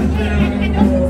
Thank you.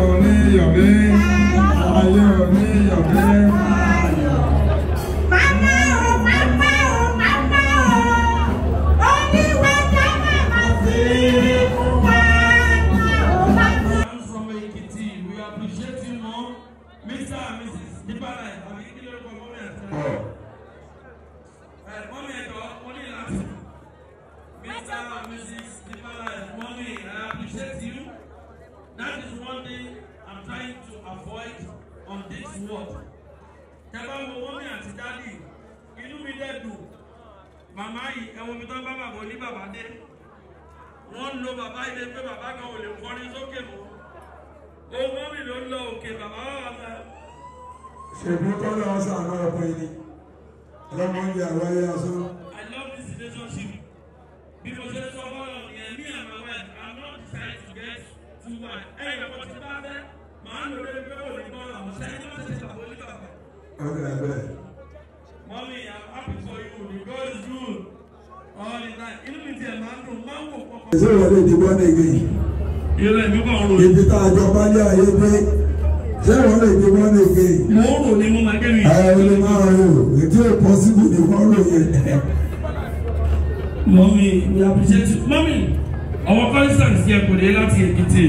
òní òní me, òní òní. wọ́n lo bàbá ilé pé bàbá kan ò lè kọrin sókè mọ́ owó mi ló lọ òkè bàbá wà fẹ́. ṣèbí kọ́lá ọ̀sán àná ọ̀pọ̀ yìí ni ọlọ́mọ oúnjẹ àwọn ayé aṣọ. I love this relationship bí mo ṣe sọ fọ́lọ̀ nìyẹn me and my wife I'm not decide to get to one ẹ̀yìn ọ̀pọ̀ ti bá fẹ́ màá lò lórí pé òní bọ́ọ̀lù ọ̀sẹ̀ ẹni wọ́n ti ṣe bàbá oníbàbà. ọ̀gá ẹgbẹ́. ìṣòro lè nìgbè. ibi tá a jọ bá yá ayé dé ṣé wọn nìgbè. mo rò ní mo máa kẹ́mi. ẹ ẹ lè máa rò ètò ìpọ́sibù ni wọ́n rò yẹn. mọ́mí mi appreciate you mọ́mí our concerns here kò dé láti èkìtì.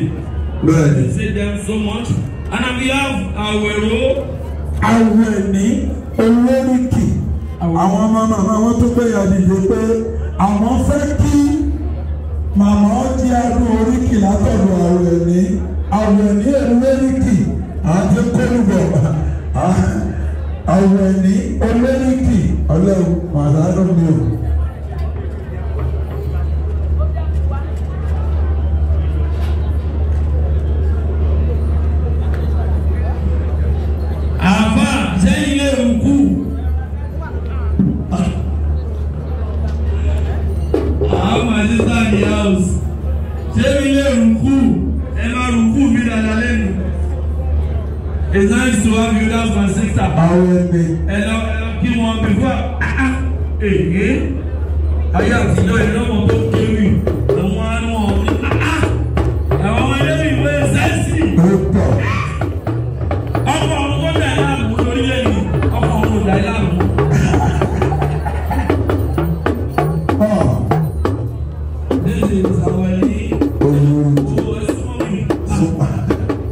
bẹ́ẹ̀ni. we say them so much and we have àwẹ̀rọ. àwẹ̀ ní olóríkì àwọn ọmọ màmá wọn tó gbé yàrá ìdè pé àwọn fẹ́ kí màmá ó jẹ́ ẹrú oríkìlá pé. ẹ lọ kí wọn bí fún ah, ah. èyí ayé àtijọ́ ìlú ọmọ tó kéwì àwọn àwọn ọmọ ah, àwọn ọmọ ilé ìwé sẹ́ẹ̀sì. ọkọ̀ ọ̀run tó dà ẹ́ láàmú lórílẹ̀ yìí ọkọ̀ ọ̀run tó dà ẹ́ láàmú.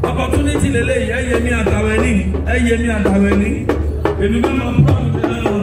opportunity lele yìí ẹ yẹ mi àtàwọn ẹni ẹ yẹ mi àtàwọn ẹni. In the middle of the problem,